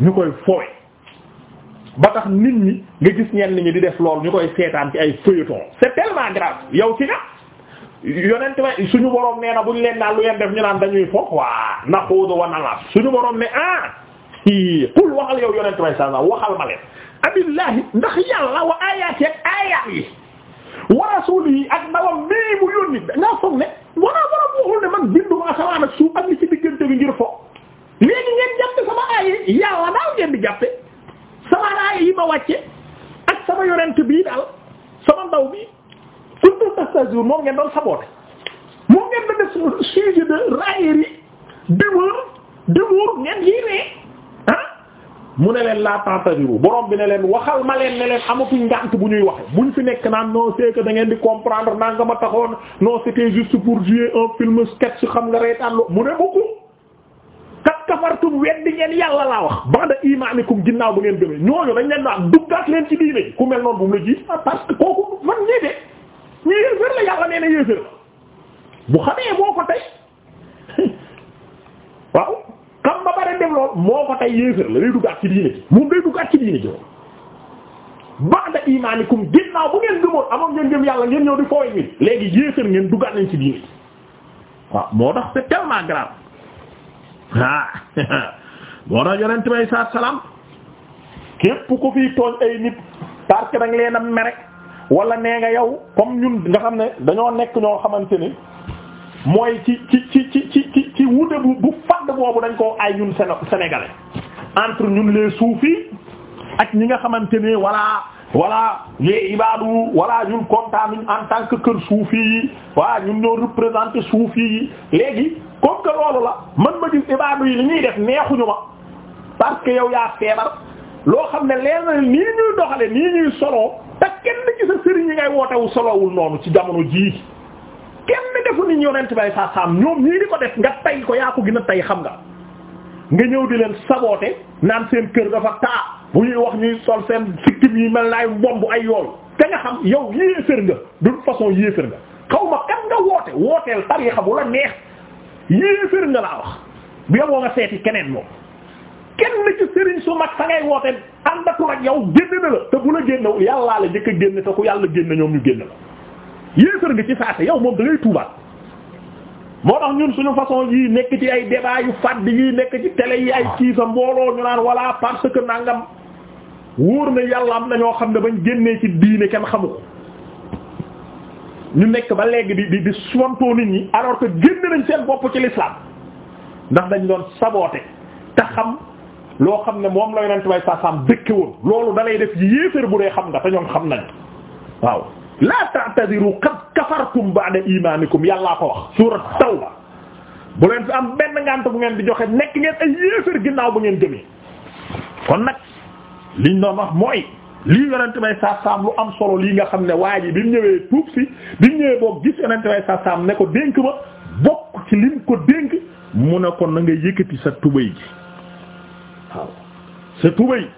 ñu koy fooy ba tax nit ñi nga gis ñenn ñi di def loolu ñu koy seetaan ci ay feuilletons c'est tellement grave yow ci nga yonent ma suñu borom nee na buñ leen daal lu leen def ñu naan dañuy foog waa naxuudu wa nalaab suñu borom ne ah qul waxal yow yonent may sa waxal ma leen abillahi ndax yàlla wa ayaati ak ayaat yi wa rasuuli yi ak ndawam mii mu yónni dangaa foog ne wanaa borom waxul ne man binduma asamaan ak suuf ak li ci diggante bi ngir foog léegi ngeen jàppe sama aaye yàlla daal ngeen di jàppe sama aaye yi ma wàcce ak sama yonent bii daal sama ndaw bi kuntum tastahzi'uun moom ngeen doon saboote moom da def sujet de raillerie di wër ngeen yii ree ah mu ne leen laa tentadiru borom bi ne leen waxal ma leen ne leen amatuñ ngànt bu ñuy wax bu buñ fi nekk naan non c'est que da ngeen di comprendre naa nga ma taxoon non c'était juste pour jouer un film sketch xam nga reetaan mu ne bokku kafartum weddi ngeen yàlla laa wax ba'da imaanikum ginnaaw bu ngeen gëmee ñooñu dañ leen naan duggaat leen ci diine ji ku mel noonu bu mu la jiit ah parce que na bu xamee moo ko ba bare dem lool moo ko tey yéeféer la day duggaat ci diine ji moom day duggaat ci diine ji ginnaaw bu ngeen gëmoon amoon ngeen gëm yàlla ngeen ñëw di fooy mi léegi yéeféer ngeen duggaat nañ ci diine ji moo tax c'est ah moo tax yonent bi alayhi salaatu salaam képp ku fi tooñ ay nit parce que da leen a mere wala nee nga yow comme ñun nga xam ne dañoo nekk ñoo xamante ni mooy ci ci ci ci ci ci wute bu bu fadd boobu dañ koo ay ñun Sénégalais entre ñun les soufis ak ñi nga xamante ne walaa voilà les ibadu voilà ñun kontaan nañ en tant que kër suufi yi waa ñun ñoo représenté suufi yi léegi comme que loolu la man ma gis ibadu yi li ñuy def neexuñu ma parce que yow yaa feebar loo xam ne leer na nii ñuy doxale nii ñuy soloo te kenn ci sa yi ngay wootewu solowul noonu ci jamono jii kenn defu ni yonent bay sa sam ñoom ñii di ko def nga tay ko yaa ko gën a tay xam nga nga ñëw di leen saboote naan seen kër dafa taa bu ñuy wax ñuy sol seen sikkim yi mel naay bomb ay yool te nga xam yow yéefér nga de toute façon yéefér nga xaw ma kan nga woote wooteel tariixa bu la neex yéefér nga laa wax bu yoboo nga seeti keneen moom kenn na ci sëriñ su mag fa ngay woote àndatul ak yow génn na la te bu la génn yàllaa la njëkk génn te ku yàlla génn ñoom ñu génn la yéefér nga ci saasa yow moom da ngay tuubaat moo tax ñun suñu façon yi nekk ci ay débat yu fàdd yi nekk ci télé yi ay kiisa mbooloo ñu naan walla parce que nangam wóor na yàlla am na ñoo xam ne bañ génnee ci diine kenn xamu ko ñu nekk ba léegi di di di sontoo nit ñi alors que génn nañ seen bopp ci l'islam ndax dañ doon saboote te xam loo xam ne moom la yonent bay saasaam dëkke woon loolu dalay def yéeféer bu dee xam nga te ñoom xam nañ waaw laa ta'tadiru qad kafartum ba'da imaanikum yàllaa ko wax surat tawba bu leen fi am benn ngànt bu ngeen di joxe nekk ngeen ay yéefar ginnaaw bu ngeen gëmee kon nag liñ doon wax mooy lii yonente may saasaam lu am solo lii nga xam ne waa ji bi mu ñëwee tuub si bi mu ñëwee boog gis yonente may saasaam ne ko dénk ma bokk ci lim ko dénk mu ne kon na nga yëkkati sa tubay ji waaw sa tubay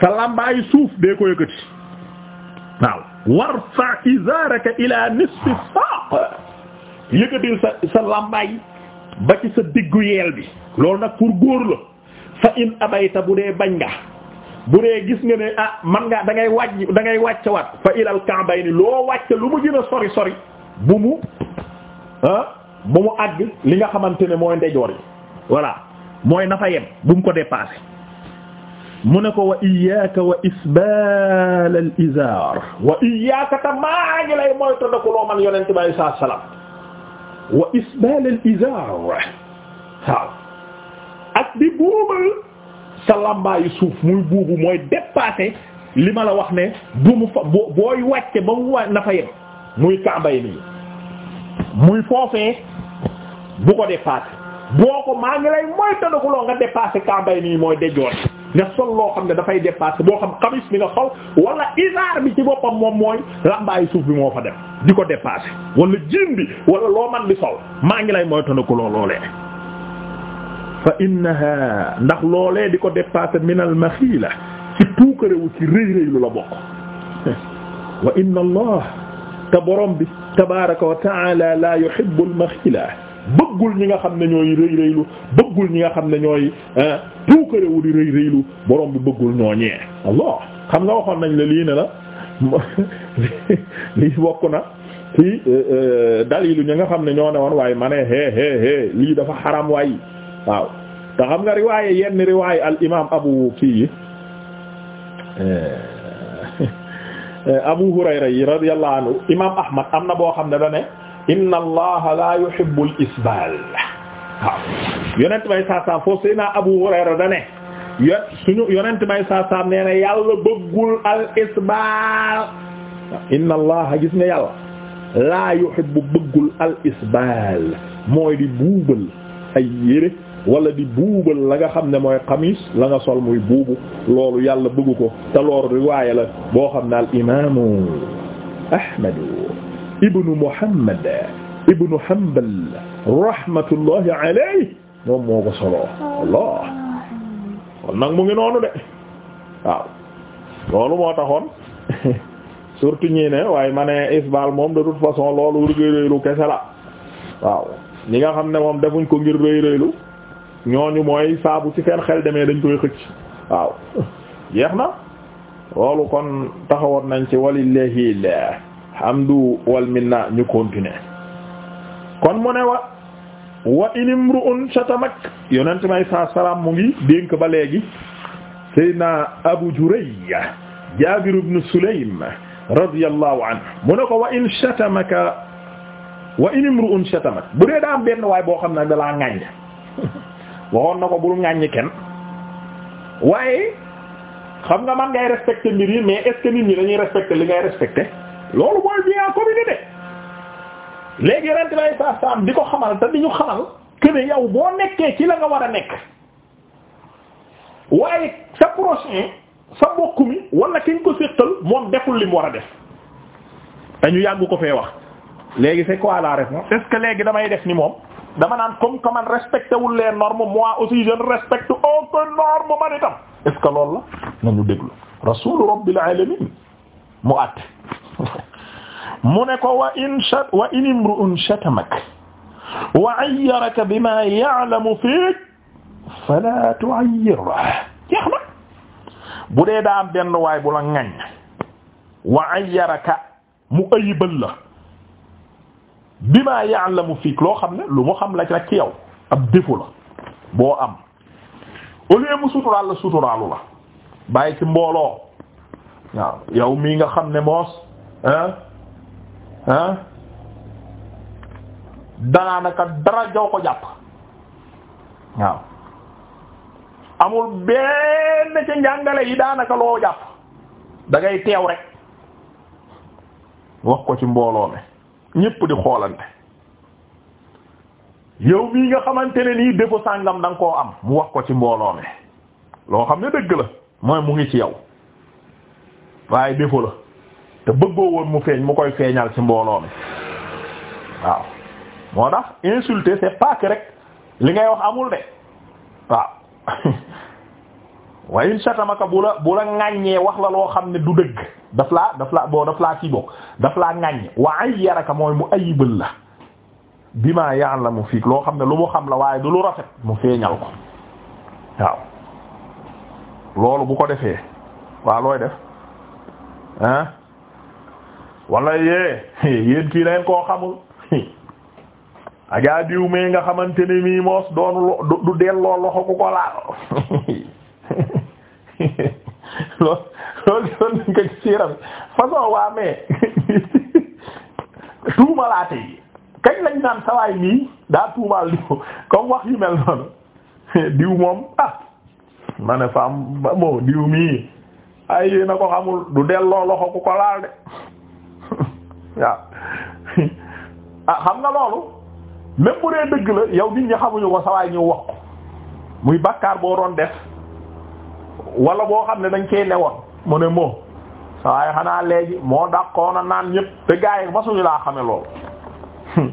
sa làmbaayu suuf dee ko yëkkati waaw warfa izaaraka ila nisfi saaq yëkkatil sa sa làmbaay ba ci sa diggu yeel bi loolu nag pour góor la fa in abayta bu dee bañ nga bu dee gis nga ne ah man nga da ngay wàjj da ngay wàcc waat fa ilal ka'bayni loo wàcc lu ma gën a sori sori bu mu ah bu mu àgg li nga xamante ne mooy ndejoor yi voilà mooy na yem bu mu ko dépasser mu ne ko wa iyyaka al izar wa iyyaka ngi lay mooy man yonent bi alayhi salaam wa al izar waaw ak di buubal sa lambaayu suuf muy buubu mooy dépasser li ma la wax ne bu mu fa booy wàcce ba mu wa na muy kàmbay nii muy foofee bu ko dépasser boo ko maa ngi lay mooy nga dépasser kàmbay nii mooy dejoon nga sol loo xam ne dafay dépassé boo xam xamis bi nga sol wala isaar bi ci boppam moom mooy làmbaayu suuf bi moo fa def di ko dépassé wala jiin bi wala loo man di sol maa ngi lay moytandiku loo loolee fa innaha ndax loolee di ko dépassé min al maxiila ci puukarewu ci rëy rëy la bokk wa allah te borom bi tabaraka wa taala la yuhibbu al maxiila bëggul ñi nga xam ne ñooy rëy rëylu bëggul ñi nga xam ne ñooy tuukare wu di rëy rëylu borom bi bëggul ñooñee Allah xam nga waxoon nañ la lii ne la lii bokk na ci euh, euh, ñi nga xam ne ñoo ne woon waaye ma ne hee hee lii dafa xaram waay waaw te xam nga riwaaye yenn riwaaye al imaam abu kii yi euh, abu hurayra yi radiyallahu anhu imaam ahmad am na boo xam ne da inna allaha la yuhibbul isbal waaw yonent bay saasaam foofu Seydina Abu Hurayra da ne yo suñu yonent saasaam nee na yàlla bëggul al isbal inna allaha gis nga yàlla la yuhibbu bëggul al isbal mooy di buubal ay yére wala di buubal la nga xam ne mooy xamis la nga sol muy buubu loolu yàlla bëggu ko te loolu riwaaya la boo xam ne al imaamu Ahmadu ibnu Muhammad ibnu Hanbal rahmatullahi alayhi moom moo ko soloo Allah kon nag mu ngi noonu de waaw loolu moo taxoon surtout ñi ne waaye ma ne isbal moom de toute façon loolu rëy rëylu kese la waaw ñi nga xam ne moom defuñ ko ngir rëy rëylu ñooñu mooy saabu ci seen xel demee dañ koy xëcc waaw jeex na loolu kon taxawoon nañ ci walillahi la hamdu wal minna ñu continuer kon mu ne wa wa inimru'un shatamak yonent may sa salaam mu ngi dénk ba léegi Seydina Abu Jurayya Jaabir ibn Sulaym radiyallahu anhu mu ne ko wa in shatamaka shatamak bu dee daa benn waay boo xam ne dalaa ŋàññ waxoon na ko bul ŋàññ kenn waaye xam nga man ngay respecté mbir yi mais est nit ñi dañuy respecté li ngay respecté loolu mooy bien communé de léegi rent lay saa saam di ko xamal te di ñu xamal que ne boo nekkee ci la nga war a nekk waaye sa prochain sa mbokk mi wala ki ko séqal moom deful li mu war a def dañu yàgg ko fee wax léegi c'est quoi la réponse est léegi damay def ni moom dama naan comme que man respecté wul les normes moi aussi je ne respecte aucune norme man itam est-ce que loolu la nañu déglu rasul rabbil alamin mu àtt mu ne ko wa in shat wa in imru'un shatamak wa ayyaraka bima bu dee daa am benn waay bu la ŋañ wa ayyaraka mu ayibal la bima ya'lamu fiik loo xam ne lu mu xam la ci yow ab défaut boo am au lieu mu la suturaalu la bàyyi ci mbooloo waaw mii nga xam ne moos ah danaanaka dara joo ko jàpp waaw amul benn ci njàngale yi daanaka loo jàpp dangay ngay teew rek wax ko ci mbooloo ñépp di xoolante yow mii nga xamante ne nii défaut sàngam da koo am mu wax ko ci mbooloo loo xam ne dëgg la mooy mu ngi ci yow waaye défaut la te bëggoo woon mu feeñ mu koy feeñal ci mbooloo mi waaw moo tax insulter c'est pas rek li ngay wax amul de waaw waaye in shatamaka bu la bu la ŋàññee wax la loo xam ne du dëgg daf laa daf laa boo daf laa ci bokk daf laa ŋàññ waa yaraka mooy mu ayibal la bima mu fii loo xam ne lu mu xam la waaye du lu rafet mu feeñal ko waaw loolu bu ko defee waa looy def ah wala yee yéen kii leen koo xamul ajaa diw mee nga xamante ni mii moos doonu du delloo loxo ku ko laal lool lool lool nañ ci siiram façon waa mee tuumalaate yi kañ lañ naan sawaay mii daa tuumaal diw comme wax yu mel noonu diw moom ah ma faam moo diw mii ay yéen a ko xamul du delloo loxo ku ko laal de waaw ah xam nga loolu même bu dee dëgg la yow nit ñi xamuñu ko sawaay ñu wax muy bàkkaar boo doon def wala boo xam ne dañ cee woon mu ne moo sawaay xanaa léegi moo dàqoon a naan ñëpp te gaa yi masuñu laa xame loolu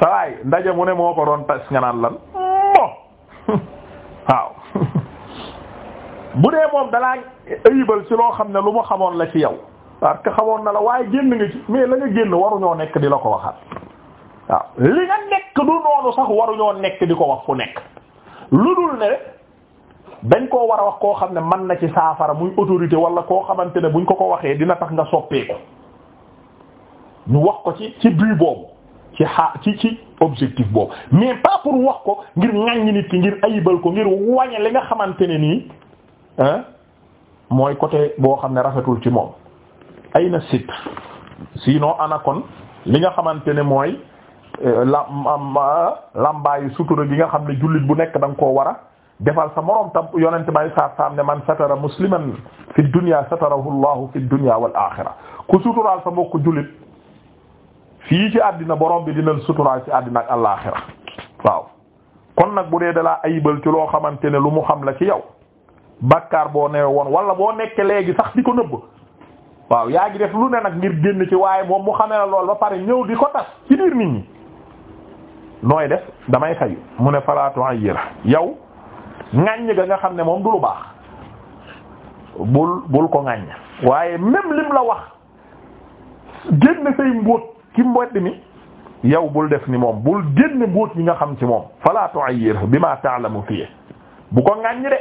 sawaay ndaje mu ne moo ko doon tas nga naan lan mo waaw bu dee moom dalaa ayibal ci loo xam ne lu mu xamoon la ci yow parce que xamoon na la waaye génn nga ci mais la nga génn waruñoo nekk di la ko waxaat li nga nekk du noonu sax waruñoo nekk di ko wax fu nekk lu dul ne dañ koo war a wax koo xam ne man na ci saafara muy autorité wala koo xamante ne buñ ko ko waxee dina tax nga soppeeku ñu wax ko ci ci but boobu ci xaa ci ci objectif boobu mais pas pour wax ko ngir ŋàññi nit ki ngir ayibal ko ngir wañe li nga xamante ne nii mooy côté boo xam ne rafetul ci moom ay na sit sinon ana kon li nga xamante ne mooy euh, lambaayu sutura gi nga xam ne julit bu nekk danga nga koo war a defal sa moroom tam yonente may saa saam ne man satara musliman fi dunya satarahu llahu fi dunya wal axira ku sa mbokk jullit fii ci àddina borom bi dina suturaal ci àddina ak alaaxira nag bu dee dalaa ayibal ci loo xamante ne lu mu xam la ci yow bàkkaar boo newe woon wala boo nekkee léegi sax di ko nëbb waaw yaa ngi def lu ne nag ngir génn ci waaye moom mu xamee la lool ba pare ñëw di ko tas ci biir nit ñi nooy def damay xayu mu ne falaatu ayira yow ŋàññ ga nga xam ne moom du lu baax bul bul ko ŋàññ waaye même lim la wax génn say mbóot ci mbóot mi yow bul def ni moom bul génn mbóot yi nga xam ci moom falaatu ayira bi ma ta'lamu fii bu ko ŋàññ de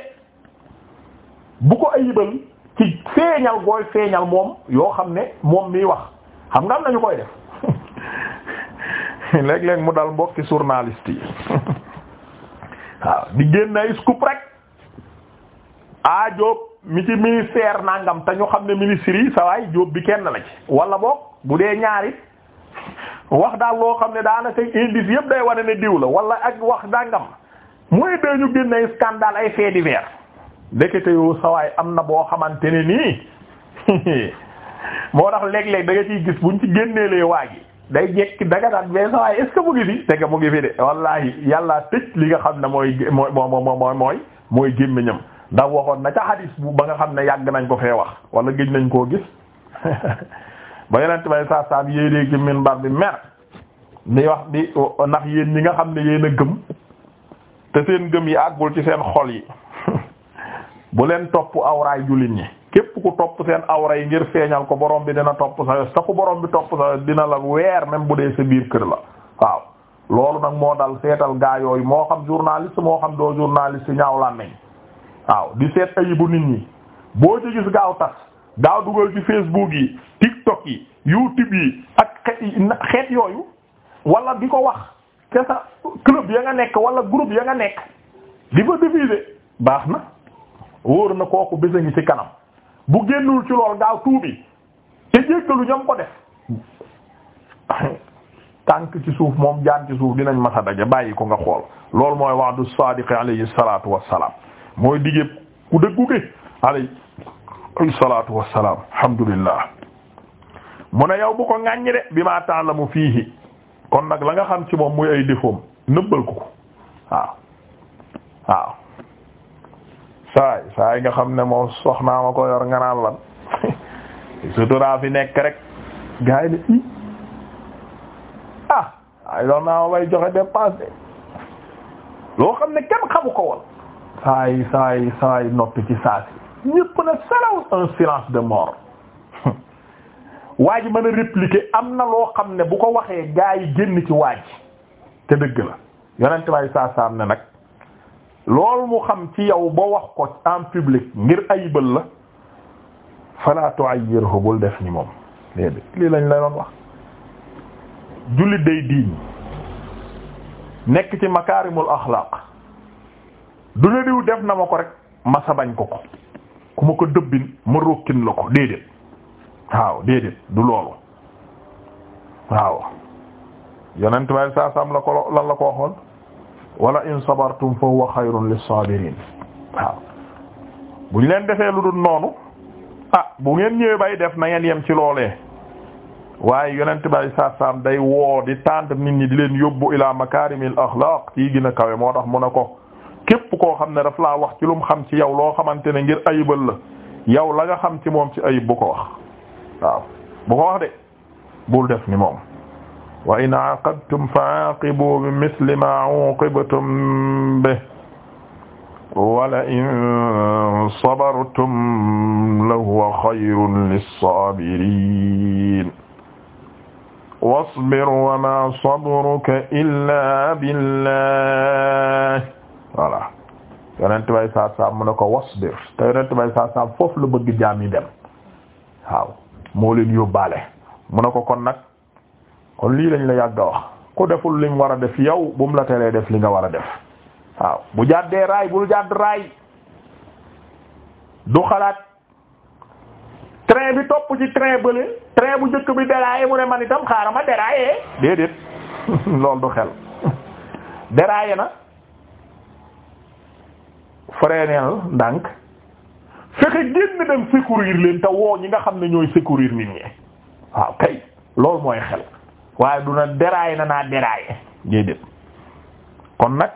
bu ko ayibal ci feeñal gooy feeñal moom yoo xam ne moom miy wax xam nga am nañu koy def léeg-léeg mu dal mbokki journaliste yi waaw di génn ay scoop rek ah Diop mi ci ministère nangam te ñu xam ne ministre yi sa bi kenn la ci wala boog bu dee ñaari wax daal loo xam ne daanaka indice yëpp day wane ne diw la wala ak wax dangam mu dee ñu génn ay scandale ay faits divers ndekete yoo sawaay am na boo xamante ne nii moo tax léeg-léeg da nga ciy gis buñ ci génneelee waa gi day jekki daga daal mais sawaay est-ce que mu ngi fi tege de wallahi yàlla tëj li nga xam ne mooy mooy mooy mooy gémmiñam ndax waxoon na ca hadis bu ba nga xam ne yàgg nañ ko fee wax wala gëj nañ koo gis ba yeneen may saa saa bi yéenee ci minbar bi mer ni wax di ndax yéen ñi nga xam ne yéen a gëm te seen gëm yi àggul ci seen xol yi bu leen topp awraay jullit ñi képp ku topp seen awra yi ngir feeñal ko boroom bi dina topp sa yos te ku borom bi topp sa yos dina la weer même bu dee sa biir kër la waaw loolu nag moo dal seetal gaa yooyu moo xam journaliste moo xam doo journaliste ñaaw la nañ waaw di seet ayibu nit ñi boo ci gis gaaw tas gaaw dugal ci Facebook yi TikTok yi YouTube yi ak xet yooyu wala di ko wax ca sa club ya nga nekk wala groupe ya nga nekk di ko diffuser baax na. wóor na kooku bés a ngi ci kanam bu génnul ci lool gaaw tuubi te jéggalu ñoom ko def tànk ci suuf moom jaan ci suuf dinañ masa daje bàyyi ko nga xool loolu mooy wa'du sadiq alayhi salatu wassalam mooy digéeb ku dëggu gi alayhi salatu wassalam alhamdulillah mu ne yow bu ko ŋàññi de bi ma ta'lamu fiihi kon nag la nga xam ci moom muy ay défaut nëbbal ko ko waaw waaw saay saay nga xam ne moom soxnaa ma ko yor nga naan lan sutura fi nekk rek gars yi ne ah ay ma bay joxe dépense loo xam ne kenn xamu ko woon saay saay saay noppi ci saasi ñëpp na salaw un silence de mort waa ji mën a répliquer am na loo xam ne bu ko waxee gars yi génn ci waa ji te dëgg la yonent bay saa saam ne nag loolu mu xam ci yow ba wax ko en public ngir ayibal la fala tu'ayyirhu bul def ni moom léegi lii lañ la doon wax jullit day diin nekk ci makaarimul axlaaq du ne diw def na ma ko rek masa bañ ko ko ku ma ko dëbbin ma rokkin la ko déedéet waaw déedéet du loolu waaw yonent baay saa saam la ko lan la ko waxoon wala in sabartum fa huwa xayrun lis-saabiriin waaw bu ñu leen defee lu dul noonu ah bu ngeen ñëwee bay def nangeen yem ci loolee waaye yonent bay saa saam day woo di tànt nit ñi di leen yóbbu ila makaarimil axlaaq yi gën a kawe moo tax mu ne ko képp koo xam ne daf laa wax ci lum xam ci yow loo xamante ne ngir ayibal la yow la nga xam ci moom ci ayib bu ko wax waaw bu ko wax de bul def ni moom wa in aaqabtum fa aaqibu bi misli ma uqibtum bihi wala in sabartum lahuwa xayrun lissaabiriin wasbir wa ma sabruka illaa billah voilà yonent bay saa saam mu ne ko wasbir te yonent bay saa saam foofu la bëgg jaam yi dem waaw moo leen yóbbaale mu ne ko kon nag kon lii lañu la yàgg a wax ku deful li war a def yow bu mu la teree def li nga war a def waaw bu jàddee raay bul jàdd raay du xalaat train bi topp ci bu njëkk bi déraillé mu ne man itam xaaral ma déraillé déedéet loolu du xel déraillé na freineel ndànk fexe génn dem secourir leen te woo ñi nga xam ne ñooy secourir nit ñi waaw kay loolu mooy xel waaye du na dérailler na naa dérailler déedéet kon nag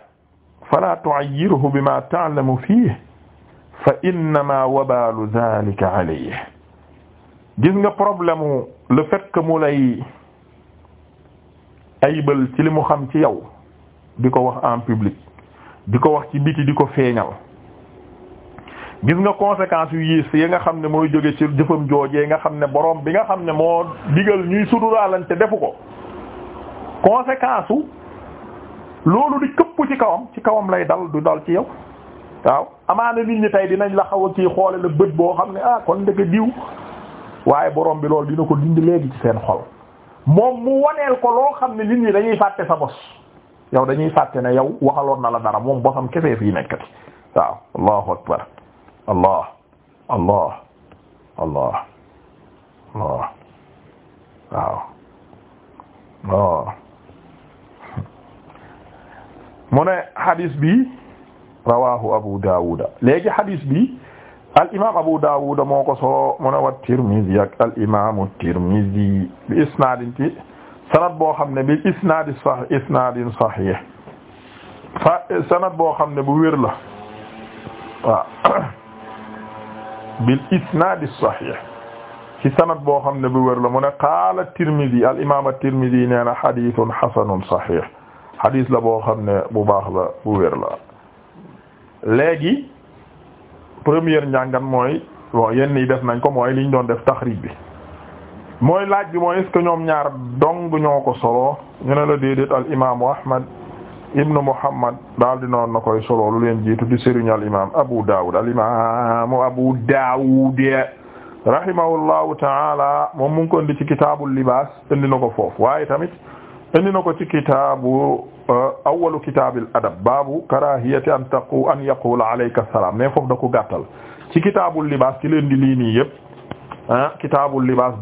fala tu'ayyirhu bima ta'lamu fihi fa innama wabalu dhalika alayhi gis nga problème le fait que mu lay ayibal ci li xam ci yow di ko wax en public di ko wax ci biti di ko feeñal gis nga conséquence yu yiis yi nga xam ne mooy jóge ci jëfam joojee nga xam ne borom bi nga xam ne moo digal ñuy suduraalante defu ko conséquence u loolu di këpp ci kawam ci kawam lay dal du dal ci yow waaw amaane nit ñi tey dinañ la xaw a kii xoole la bët boo xam ne ah kon ndeke diw waaye borom bi loolu dina ko dindi léegi ci seen xol moom mu waneel ko loo xam ne nit ñi dañuy fàtte sa bos yow dañuy fàtte ne yow waxaloon na la dara moom bosam kefee fii nekkati waaw allahu allah allah allah allah waaw waaw mu ne xadis bi rawahu abu daawuda léegi xadis bi al imaam abu daawuda moo ko solo mu ne wa tirmizi ak al imaamu tirmizi bi isnaadin ci sanad boo xam ne bi isnaadi sax isnaadin saxiix fa sanad boo xam ne bu wér la waaw bil isnaad as-sahiih ci sanad boo xam ne bu wér la mu ne qaala Tirmidi al imaam at-Tirmidi nee na xadiisun xasanun saxiix xadiis la boo xam ne bu baax la bu wér la. léegi première njàngat mooy bon def nañ ko mooy liñ doon def taxriij bi mooy laaj bi mooy est-ce ñoom ñaar dong ñoo ko solo ñu la déedéet al imaamu Ahmad. ibnu Muhammad daal di noonu na koy solo lu leen jiitu di sëriñ al imaam Abu Dawud al imaamu Abu Dawud rahimahullahu mu ngi ko indi ci kitaabu libaas indi na ko foofu waaye tamit indi na ko ci kitaabu uh, awwalu kitaabil adab baabu karaahiyati an taqu an yaqula alayka salaam mais foofu da ko gàttal ci kitaabu libaas ci leen di lii ah,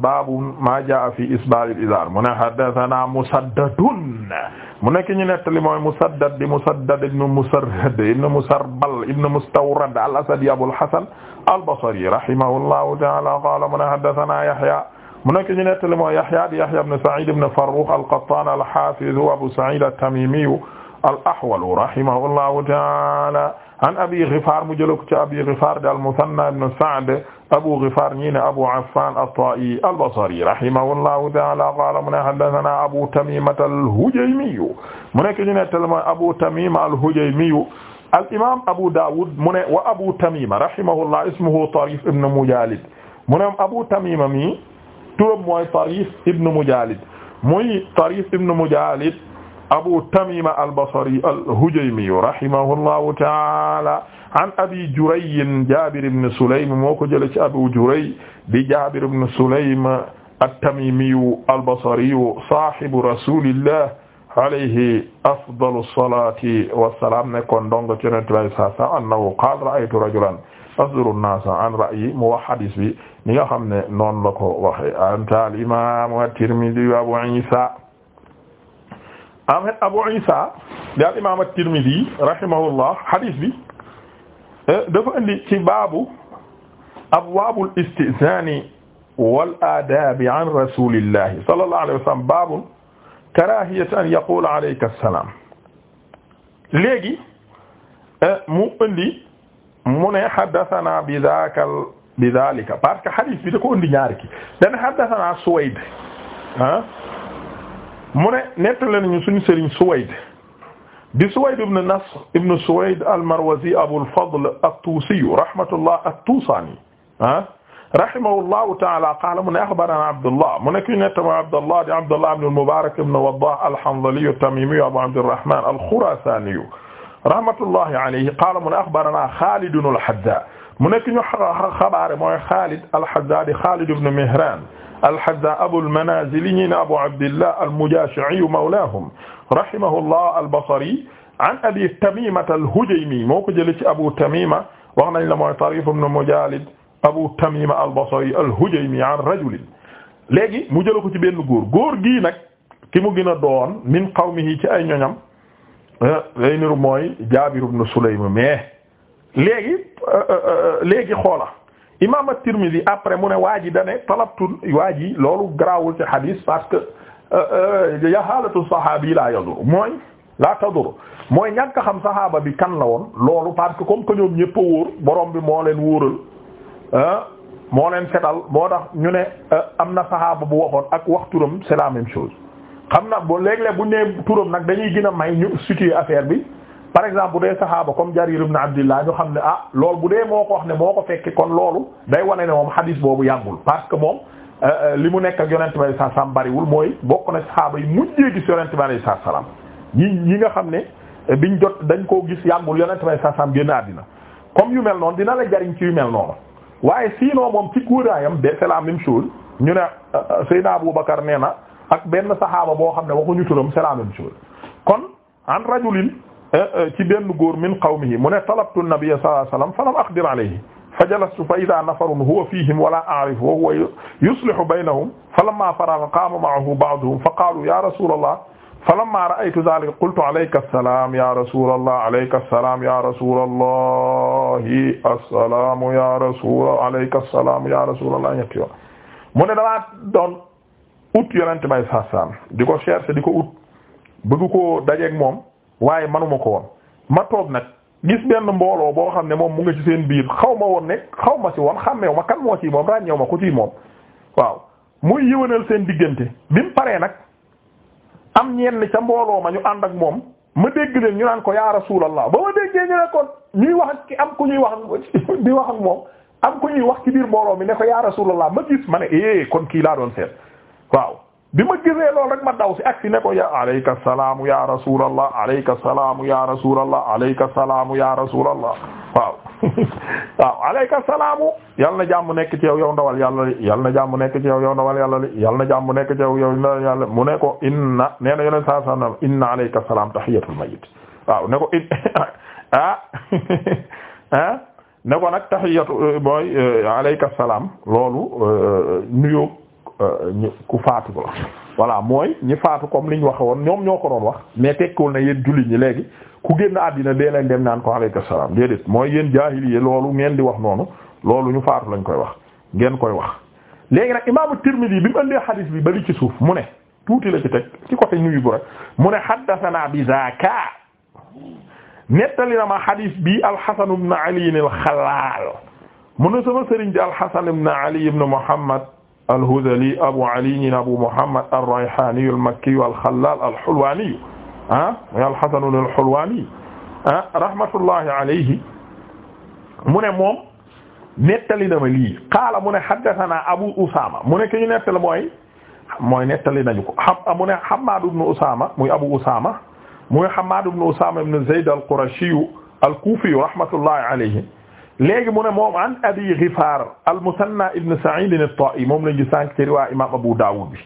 baabu maa jaa fi isbaalil izaar mu ne mu nekk ñu nettali mooy Musaddad di Musaddad ibn Musarhad ibn Musarbal ibn Mustawrad al-Asadi Abul Hasan al-Basri rahimahullahu ta'ala qala mu ne haddathana Yahya mu nekk ñu nettali mooy Yahya di Yahya ibn Sa'id ibn Farrukh al-Qattan al-Hafiz Abu Sa'id at-Tamimi al-Ahwal rahimahullahu ta'ala an abi Ghifaar mu jëloon ci abi Ghifaar di al-Musanna ibn Sa'd abu Ghifaar ñi ne abu Affaan at-Taa'i al-Basri rahimahullahu ta'aala qaala mu ne haddathanaa abu Tamiima al-Hujaymi mu nekk ñu ne tellement abu Tamiima al-Hujaymi al-imaam abu Daawuud mu ne wa abu Tamiima rahimahullah ismuhu Tariif ibn Mujaalid mu ne abu Tamiima mi turam mooy Tariif ibn Mujaalid muy Tariif ibn Mujaalid abu tamima albasari alhujaymi rahimahullahu taala an abi jurayyin jabir ibn sulaym moo ko jëlee ci abu juray di jabir ibn sulaym attamimiyu albasariyu sahibu rasulillah alayhi afdalu salati wassalam nekkoon ndongo ci Yonent bi saa saa annahu qaala ra'aytu rajulan asduru nnaasa an ra'yi mu wax hadis bi ni nga xam ne noonu la ko waxee anta al imam at-Tirmidhi abu Isa en fait Abu Isa daal imaam at-Tirmidhi rahimahullah hadith bi eh, dafa indi ci baabu abwaabul istizani wal aadaabi an rasulillahi sallallahu alayhi wa sallam baabun karaahiyati an yaqula alayka salaam léegi eh, mu indi mu ne haddathana bi dhaaka bi dhaalika parce que hadith bi da ko indi ñaari ki dana haddathana Suwayd ah. mu ne nettali nañu suñu sëriñ Suwayd di Suwayd ibn Nasr ibn Suwayd al-Marwazi Abul Fadl at-Tusi rahmatullah at-Tusani ah rahimahullahu ta'ala qala mu ne akhbarana Abdullah mu ne ki nettali Abdullah di Abdullah ibn al-Mubarak ibn Waddah al-Hanzali at-Tamimi Abu Abdirrahman al-Khurasani rahmatullahi alayhi qala mu ne akhbarana Khalid al-Hadda mu ne ki ñu xabaare mooy Khalid al-Hadda di Khalid ibn Mihran alhadza abul manazil ñi ne abu abdillah almujashi'i mawlahum rahimahullah albasri an abi tamimata alhujaymi moo ko jëlee ci abu tamima wax nañ la mooy tarif ibn mujalid abu tamima albasri alhujaymi an rajulin léegi mu jëla ko ci benn góor góor gii nag ki mu gën a doon min qawmihi ci ay ñoñam eh, lay niru mooy jabir ibn sulaym mais léegi eh, eh, léegi xoola imaam at-Tirmidhi après mu ne waa ji da ne talabtu waa ji loolu garaawul ci hadis parce que jahalatu euh, euh, sahabi la yadur mooy la tadur mooy ñàkk xam saxaaba bi kan la woon loolu parce que comme que ñoom ñëpp a wóor borom bi moo leen wóoral moo leen fetal moo tax ñu ne euh, am na sahaaba bu waxoon ak wax turam c'est la même xam naa boo léeg-léeg bu nee turam nag dañuy gën a may ñu situer affaire bi par exemple bu dee saxaaba comme Jarir ibn Abdillah ñu xam ne ah loolu bu dee moo ko wax ne moo ko fekke kon loolu day wane ne moom hadis boobu yàggul parce que moom euh, euh, li mu nekk ak yonent bi saa saam bariwul mooy bokk na saxaaba yi mujjee gis yonent bi saa salaam ñi ñi nga xam ne eh, biñ jot dañ koo gis yàggul yonent bi saa saam génn àddina comme yu mel noonu dina la jariñ ci yu mel noonu waaye sinon moom ci góoraayam de c'est la même chose ñu ne euh, Seydina Aboubacar nee na ak benn saxaaba boo xam ne waxuñu turam c'est la même chose kon an Eh, eh, ci benn góor min qawmihi mu ne talabtu an-nabiyya sallallahu alayhi wasallam falam aqdir alayhi fajalastu fa idha nafarun huwa fihim wa la a'rifu wa huwa yuslihu baynahum falamma faragha qama ma'ahu ba'duhum fa qalu ya rasulallah falamma ra'aytu dhalika qultu alayka as-salam ya rasulallah alayka as-salam ya rasulallah as-salamu ya rasul alayka as-salam ya rasulallah ñetti yoon mu ne damaa doon ut yonent may sasam di ko chercher di ko ut bëgg ko dajeek moom waaye manuma ko woon ma toog nag gis benn mbooloo boo xam ne moom mu nga ci seen biir xaw ma woon ne xaw ma si woon xàmmeew ma kan moo ci moom ràññeew ma ko ci moom waaw muy yëwanal seen diggante bi mu paree nag am ñenn ca mbooloo ma ñu ànd ak moom ma dégg leen ñu naan ko yaa rasulallah ba ma déggee ñu ne ko ñuy wax ak ki am ku ñuy wax di wax ak moom am ku ñuy wax ci biir mbooloo mi ne ko yaa rasulallah ma gis ma ne eh kon kii laa doon seet waaw bi ma gisee loolu rek ma daw si aksi ne ko ya alayka salaamu ya rasulallah alayka salaamu ya rasulallah alayka salaamu ya rasulallah waaw waaw alayka salaamu yal na jàmm nekk ci yow yow ndawal yàlla li yal na jàmm nekk ci yow yow ndawal yàlla li yal na jàmm nekk ci yow yow ndawal yàlla mu ne ko inna nee na yoneen saa sa na inna alayka salaam tahiyatul mayyit waaw ne ko in ah ah ne ko nag tahiyatu eh, mooy eh, alayka salaam loolu eh, nuyu ku faatu ko voilà mooy ñi faatu comme li ñu waxe woon ñoom ñoo ko doon wax mais tekkiwul na yéen jullit ñi léegi ku génn àddina dee leen dem naan ko aleyka salaam déedéet mooy yéen jaahiliya loolu ngeen di wax noonu loolu ñu faatu lañ koy wax ngeen koy wax. léegi nag imaamu Tirmidhi bi mu ëndee hadith bi ba ci suuf mu ne tuuti la ci teg ci côté ñuy bu rek mu ne haddathana bi zaaka nettali na ma hadith bi al-Hasan ibn Ali al-Khallaal mu ne sama sëriñ di al-Hasan ibn Ali ibn al-Hudhali Abu Ali Abu Muhammad ar-Rayhani al-Makki al-Khallal al-Hulwani ah al-Hasan al-Hulwani ah rahmatullahi alayhi mu ne moom nettali na ma lii qaala mu ne haddathana Abu Usama mu ne ki ñu nettali mooy mooy nettali nañu ko xam mu ne Hammad ibn Usama muy Abu Usama muy Hammad ibn Usama ibn Zayd al-Qurashi al-Kufi rahmatullahi alayhi léegi mu ne moom an abi Ghifaar al-Musanna ibn Sa'id at-Ta'i moom lañ gi sànq ci riwaa imaam Abu Dawud bi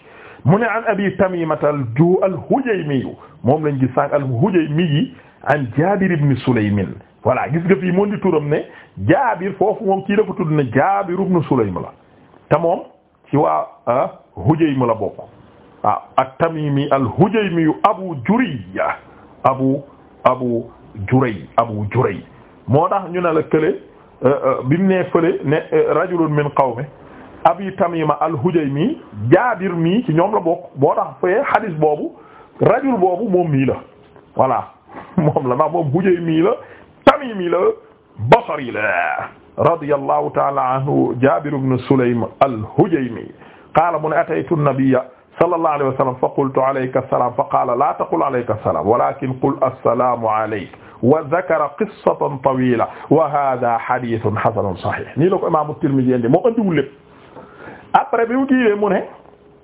mu ne an abi Tamiimata al-Ju al-Hujaymi moom lañ gi sànq al-Hujaymi an Jaabir ibn Sulaym voilà gis nga fii moom di turam ne Jaabir foofu moom kii dafa tudd ne Jaabir ibn Sulaym la te moom ci waa ah, Hujaym la bokk waaw ah, at-Tamimi al-Hujaymi Abu Juriya Abu Abu Juray moo tax ñu ne la kële Euh, euh, bi mu nee fële ne euh, rajulun min qawmi abi tamima al-hujaymi jaabir mii ci ñoom la bokk boo tax fee xadis boobu rajul boobu moom mii la voilà moom la ndax moom hujaymi la tamimi la basri la radiyallahu ta'ala anhu jaabir ibn sulaym al-hujaymi qaala mun ataytu an-nabiyya sallallahu alayhi wa sallam fa qultu alayka assalaam fa qaala laa taqul alayka assalaam walaakin qul assalaamu alayk wa zakara qissatan tawiila wa haadaa hadiisun hasanun sahiih nii la ko imaamu Tirmidi indi moo andiwul lépp après bi mu kiiwee mu ne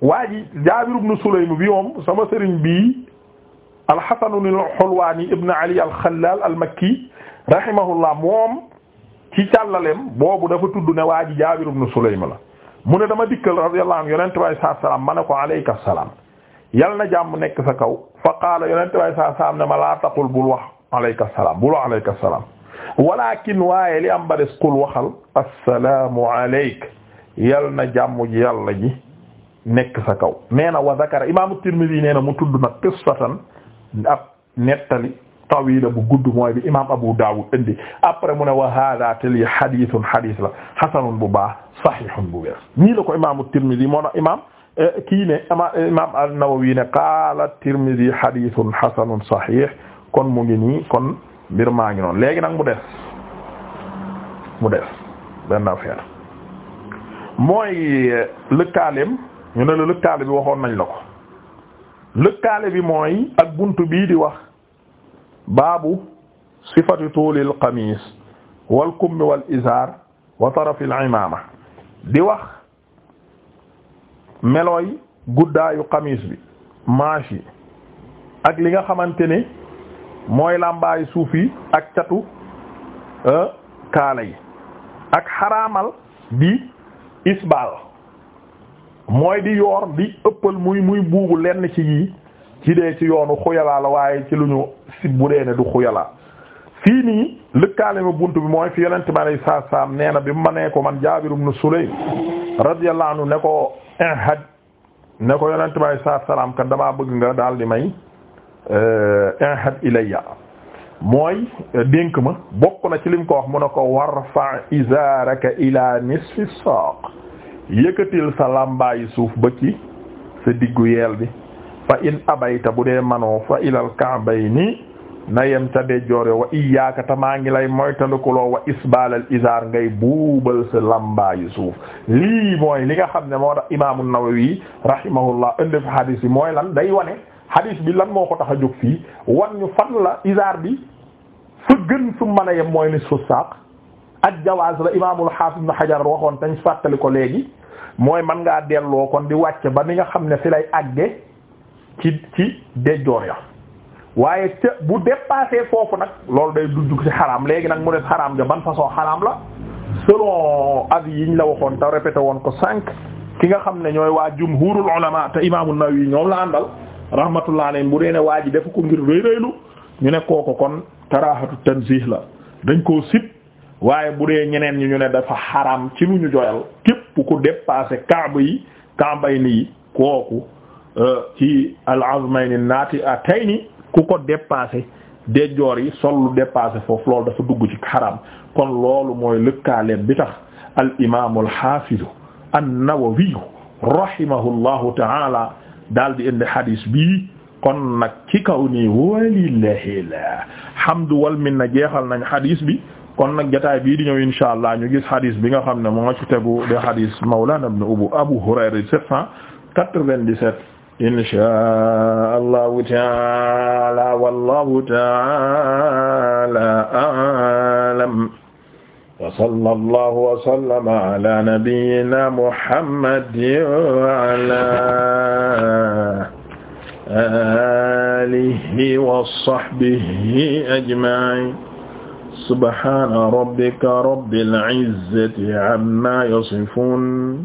waa ji Jaabir ibn Sulaym bi moom sama sëriñ bii al-Hasan al-Hulwaani ibn Ali al-Xallaal al-Makki rahimahullah moom ci càllaleem boobu dafa tudd ne waa ji Jaabir ibn Sulaym la mu ne dama dikkal radiyallahu anhu yonente bi saa salaam ma ne ko aleyka salaam yal na jàmm nekk sa kaw fa qaala yonente bi saa salaam ne ma laa taqul bul wax aleyka salaam bul wax aleyka salaam walakin waaye li am ba des qul waxal assalaamu aleyk yal na jàmm ji yàlla ji nekk sa kaw nee na wa zakara imaamu Tirmidhi nee na mu tudd nag qissatan ab nettali tawila bu gudd mooy bi imam Abu Dawud indi après mu ne wa hada te lii hadithun hadith la hasanun bu baax sahihun bu wér ñii la ko imam Tirmidhi moo eh, kii ne imam an-Nawawi ne qaala Tirmidhi hadithun kon mu ngi nii mbir maa léegi nag mu des mu des mooy eh, ñu ne la lëkkaale bi waxoon nañ la ko lëkkaale bi mooy ak buntu bii di wax baabu sifati tuulil qamis wal kummi wal izaar wa tarafil di wax melooy guddaayu qamis bi manche yi ak li nga xamante ni mooy làmbaayu suuf yi ak catu euh, kaala yi ak xaraamal bi isbaal mooy di yoor di ëppal muy muy buubu lenn ci yii ci dee ci yoonu xuyalaa waaye ci lu ñu si bu dee ne du xuyalaa fii nii lëkkaale ma bunt bi mooy fi yonent bi alayhi salaatu salaam na bi ma nee ko man Jaabir ibn Sulaym radiyallahu anhu ne ko inhaj ne ko yonent bi alayhi salaam kat damaa bëgg nga daal di may inhaj eh, ilayya mooy dénk ma bokk na ci lim ko wax mu ne ko warfa izaaraka ila nisfi saaq yëkkatil sa làmbaayu suuf ba ci sa diggu yeel bi fa in abayta bu dee manoo fa ilal ka'bayni na yem ca dejoore wa iyyaka ta maa ngi lay moytandikuloo wa isbalal izar ngay buubal sa lambaayu suuf lii mooy li nga xam ne moo tax imaamu Nawawi rahimahullah indi fi hadis bi mooy lan day wane hadis bi lan moo ko tax a jóg fii wan ñu fan la izar bi fa gën su mën a yem mooy ni su saaq ak jawaaz la imaamul hafiz ibn Hajar waxoon tañ fàttali ko léegi mooy mën ngaa delloo kon di wàcc ba ni nga xam ne fi lay àgge ci ci déjjoor ya waaye ca bu dépassé foofu nag loolu day dug ci xaraam léegi nag mu ne xaraam ja ban façon xaraam la selon avis yi ñu la waxoon te répété woon ko cinq ki nga xam ne ñooy waa jumhurul ulama te imaamu Nawawi ñoom la àndal rahmatullah ne bu dee ne waa ji dafa ko ngir rëy rëylu ñu ne kooku kon karahatu tanzih la dañ koo sit waaye bu dee ñeneen ñi ñu ne dafa xaraam ci lu ñu joyal képp ku dépassé kaaba yi kaaba yi nii kooku ci al-azmayni naati'atayni ku ko dépassé déjjoor yi sol lu dépassé foofu loolu dafa dugg ci xaram kon loolu mooy lëkkaaleem bi tax al imaamu al xaafidu an-Nawawi rahimahullahu ta'ala daal di indi hadis bi kon nag ci kaw nii walillahi alhamdu wal minna jeexal nañ hadis bi kon nag jotaay bii di ñëw insha allah ñu gis hadis bi nga xam ne moo ci tegu de hadis Mawlana ibn Abu Hurayra 797 inshaa allahu taala wallahu taala a'lam wa sallallahu wa sallama ala nabiyyina muhammadin wa ala alihi wa sahbihi ajma'in subhana rabbika rabbil izzati amma yasifun